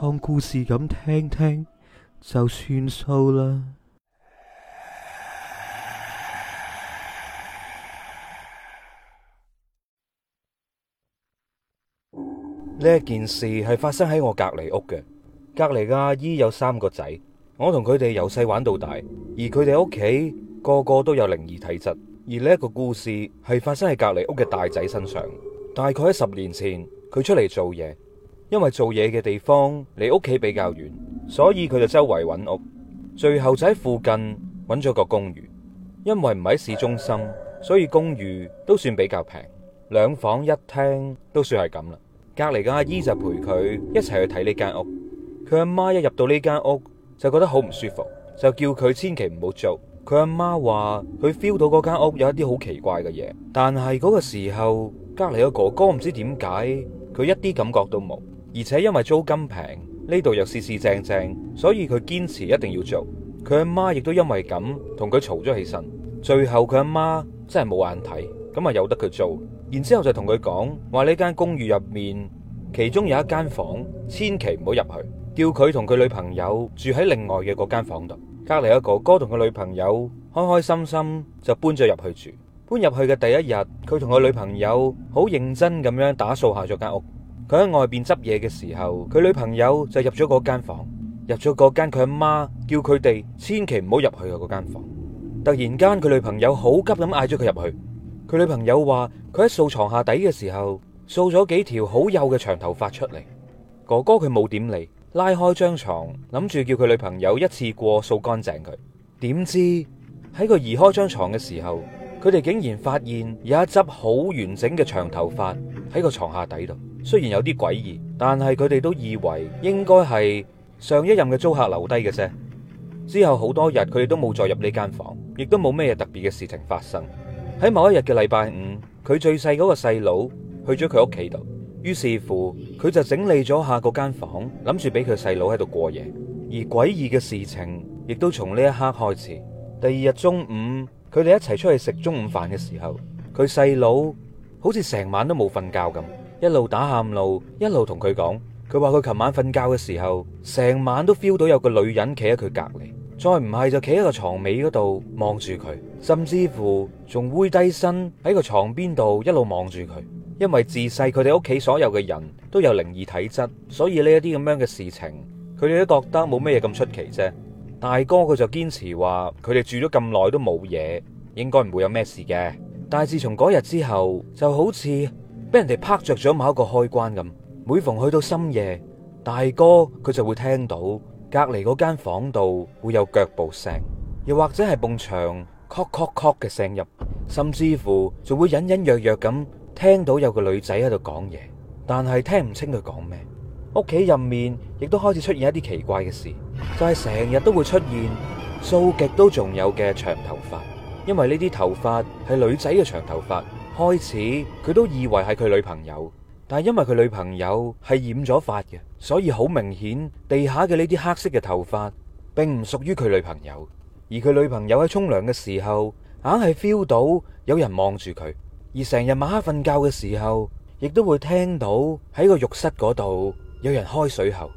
當故事咁聽聽就算數啦。呢件事係發生喺我隔籬屋嘅隔籬。阿姨有三個仔，我同佢哋由細玩到大，而佢哋屋企個個都有靈異體質。而呢個故事係發生喺隔籬屋嘅大仔身上。大概喺十年前，佢出嚟做嘢。因為做嘢嘅地方離屋企比較遠，所以佢就周圍揾屋，最後就喺附近揾咗個公寓。因為唔喺市中心，所以公寓都算比較平，兩房一廳都算係咁啦。隔籬嘅阿姨就陪佢一齊去睇呢間屋。佢阿媽一入到呢間屋就覺得好唔舒服，就叫佢千祈唔好做。佢阿媽話佢 feel 到嗰間屋有一啲好奇怪嘅嘢，但係嗰個時候隔籬嘅哥哥唔知點解，佢一啲感覺都冇。而且因為租金平，呢度又四四正正，所以佢堅持一定要做。佢阿媽亦都因為咁同佢嘈咗起身。最後佢阿媽真係冇眼睇，咁啊由得佢租。然之後就同佢講：話呢間公寓入面，其中有一間房，千祈唔好入去，叫佢同佢女朋友住喺另外嘅嗰間房度。隔籬阿哥哥同佢女朋友開開心心就搬咗入去住。搬入去嘅第一日，佢同佢女朋友好認真咁樣打掃下咗間屋。佢喺外邊執嘢嘅時候，佢女朋友就入咗嗰間房，入咗嗰間佢阿媽叫佢哋千祈唔好入去嘅嗰間房。突然間，佢女朋友好急咁嗌咗佢入去。佢女朋友話佢喺掃床下底嘅時候，掃咗幾條好幼嘅長頭髮出嚟。哥哥佢冇點理，拉開張床諗住叫佢女朋友一次過掃乾淨佢。點知喺佢移開張床嘅時候，佢哋竟然發現有一執好完整嘅長頭髮。喺個床下底度，雖然有啲詭異，但係佢哋都以為應該係上一任嘅租客留低嘅啫。之後好多日佢哋都冇再入呢間房，亦都冇咩特別嘅事情發生。喺某一日嘅禮拜五，佢最細嗰個細佬去咗佢屋企度，於是乎佢就整理咗下嗰間房，諗住俾佢細佬喺度過夜。而詭異嘅事情亦都從呢一刻開始。第二日中午，佢哋一齊出去食中午飯嘅時候，佢細佬。好似成晚都冇瞓覺咁，一路打喊路，一路同佢講。佢話佢琴晚瞓覺嘅時候，成晚都 feel 到有個女人企喺佢隔籬，再唔係就企喺個床尾嗰度望住佢，甚至乎仲會低身喺個床邊度一路望住佢。因為自細佢哋屋企所有嘅人都有靈異體質，所以呢一啲咁樣嘅事情，佢哋都覺得冇咩嘢咁出奇啫。大哥佢就堅持話，佢哋住咗咁耐都冇嘢，應該唔會有咩事嘅。但係自從嗰日之後，就好似俾人哋拍着咗某一個開關咁。每逢去到深夜，大哥佢就會聽到隔籬嗰間房度會有腳步聲，又或者係埲牆，咔咔咔嘅聲音，甚至乎仲會隱隱約約咁聽到有個女仔喺度講嘢，但係聽唔清佢講咩。屋企入面亦都開始出現一啲奇怪嘅事，就係成日都會出現掃極都仲有嘅長頭髮。因為呢啲頭髮係女仔嘅長頭髮，開始佢都以為係佢女朋友，但係因為佢女朋友係染咗髮嘅，所以好明顯地下嘅呢啲黑色嘅頭髮並唔屬於佢女朋友。而佢女朋友喺沖涼嘅時候，硬係 feel 到有人望住佢，而成日晚黑瞓覺嘅時候，亦都會聽到喺個浴室嗰度有人開水喉。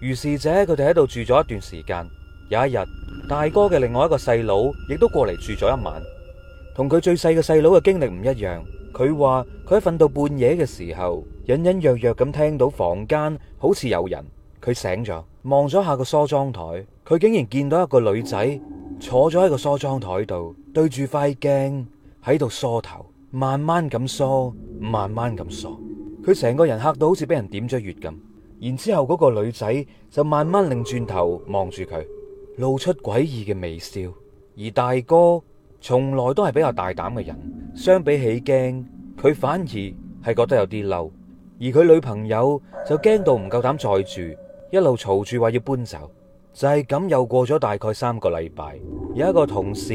如是者，佢哋喺度住咗一段時間。有一日，大哥嘅另外一個細佬亦都過嚟住咗一晚，同佢最細嘅細佬嘅經歷唔一樣。佢話佢喺瞓到半夜嘅時候，隱隱約約咁聽到房間好似有人。佢醒咗，望咗下個梳妝台，佢竟然見到一個女仔坐咗喺個梳妝台度，對住塊鏡喺度梳頭，慢慢咁梳，慢慢咁梳。佢成個人吓到好似俾人點咗穴咁。然之後嗰個女仔就慢慢擰轉頭望住佢。露出詭異嘅微笑，而大哥從來都係比較大膽嘅人，相比起驚，佢反而係覺得有啲嬲，而佢女朋友就驚到唔夠膽再住，一路嘈住話要搬走。就係咁又過咗大概三個禮拜，有一個同事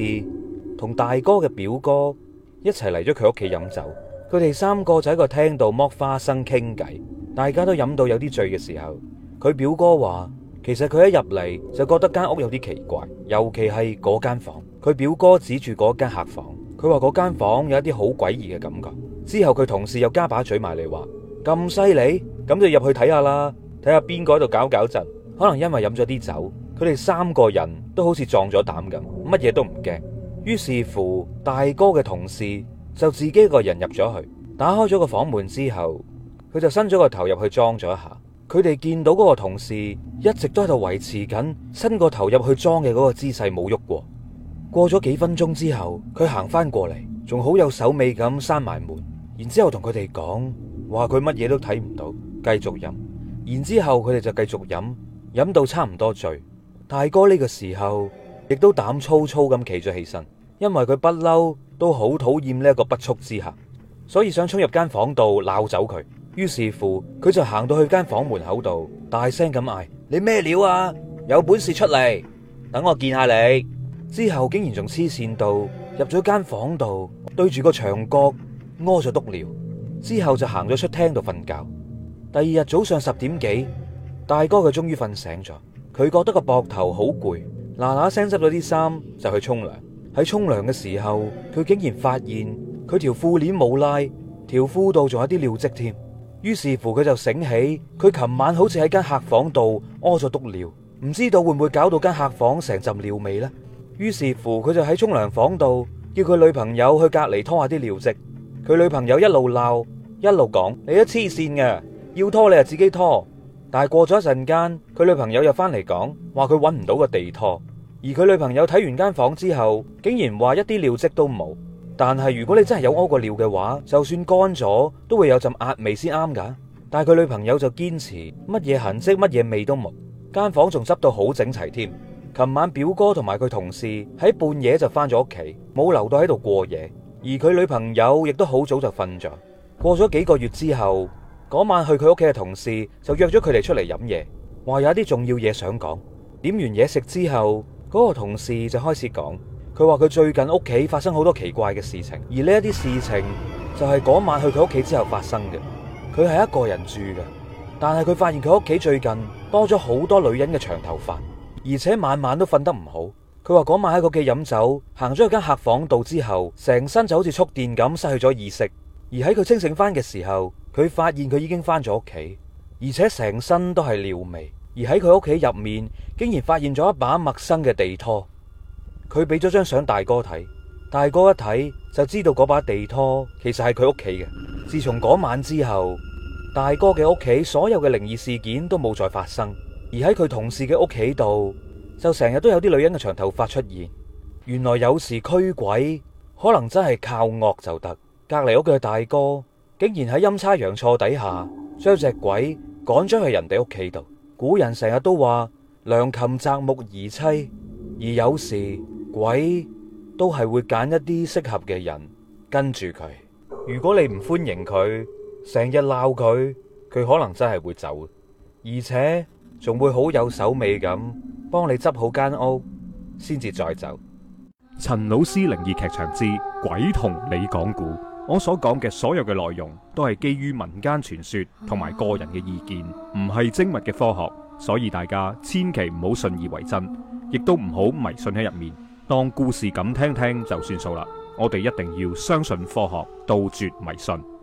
同大哥嘅表哥一齊嚟咗佢屋企飲酒，佢哋三個就喺個廳度剝花生傾偈，大家都飲到有啲醉嘅時候，佢表哥話。其實佢一入嚟，就覺得間屋有啲奇怪，尤其係嗰間房。佢表哥指住嗰間客房，佢話嗰間房有一啲好詭異嘅感覺。之後佢同事又加把嘴埋嚟話：「咁犀利，咁就入去睇下啦，睇下邊個喺度搞搞震。」可能因為飲咗啲酒，佢哋三個人都好似壯咗膽咁，乜嘢都唔驚。於是乎，大哥嘅同事就自己一個人入咗去，打開咗個房門之後，佢就伸咗個頭入去裝咗一下。佢哋見到嗰個同事一直都喺度維持緊，伸個頭入去裝嘅嗰個姿勢冇喐過。過咗幾分鐘之後，佢行翻過嚟，仲好有手尾咁閂埋門，然之後同佢哋講，話佢乜嘢都睇唔到，繼續飲。然之後佢哋就繼續飲，飲到差唔多醉。大哥呢個時候亦都膽粗粗咁企咗起身，因為佢不嬲都好討厭呢一個不速之客，所以想衝入間房度鬧走佢。於是乎，佢就行到去間房門口度，大聲咁嗌：你咩料啊？有本事出嚟，等我見下你。之後竟然仲黐線到入咗間房度，對住個牆角屙咗督尿。之後就行咗出廳度瞓覺。第二日早上十點幾，大哥佢終於瞓醒咗。佢覺得個膊頭好攰，嗱嗱聲執咗啲衫就去沖涼。喺沖涼嘅時候，佢竟然發現佢條褲鏈冇拉，條褲度仲有啲尿漬添。於是乎佢就醒起，佢琴晚好似喺間客房度屙咗督尿，唔知道會唔會搞到間客房成浸尿味呢？於是乎佢就喺沖涼房度叫佢女朋友去隔籬拖下啲尿漬，佢女朋友一路鬧一路講，你一黐線嘅，要拖你就自己拖。但係過咗一陣間，佢女朋友又返嚟講話佢揾唔到個地拖，而佢女朋友睇完間房之後，竟然話一啲尿漬都冇。但係如果你真係有屙過尿嘅話，就算乾咗都會有陣壓味先啱噶。但係佢女朋友就堅持乜嘢痕跡，乜嘢味都冇，間房仲執到好整齊添。琴晚表哥同埋佢同事喺半夜就翻咗屋企，冇留到喺度過夜。而佢女朋友亦都好早就瞓着。過咗幾個月之後，嗰晚去佢屋企嘅同事就約咗佢哋出嚟飲嘢，話有啲重要嘢想講。點完嘢食之後，嗰個同事就開始講。佢話佢最近屋企發生好多奇怪嘅事情，而呢一啲事情就係嗰晚去佢屋企之後發生嘅。佢係一個人住嘅，但係佢發現佢屋企最近多咗好多女人嘅長頭髮，而且晚晚都瞓得唔好。佢話嗰晚喺屋企飲酒，行咗去間客房度之後，成身就好似觸電咁失去咗意識，而喺佢清醒翻嘅時候，佢發現佢已經翻咗屋企，而且成身都係尿味，而喺佢屋企入面竟然發現咗一把陌生嘅地拖。佢俾咗張相大哥睇，大哥一睇就知道嗰把地拖其實係佢屋企嘅。自從嗰晚之後，大哥嘅屋企所有嘅靈異事件都冇再發生，而喺佢同事嘅屋企度就成日都有啲女人嘅長頭髮出現。原來有時驅鬼可能真係靠惡就得。隔籬屋嘅大哥竟然喺陰差陽錯底下將隻鬼趕咗去人哋屋企度。古人成日都話良禽擇木而棲，而有時。鬼都係會揀一啲適合嘅人跟住佢。如果你唔歡迎佢，成日鬧佢，佢可能真係會走。而且仲會好有手尾咁幫你執好間屋，先至再走。陳老師靈異劇場之鬼同你講古，我所講嘅所有嘅內容都係基於民間傳說同埋個人嘅意見，唔係精密嘅科學，所以大家千祈唔好信以為真，亦都唔好迷信喺入面。當故事咁聽聽就算數啦，我哋一定要相信科學，杜絕迷信。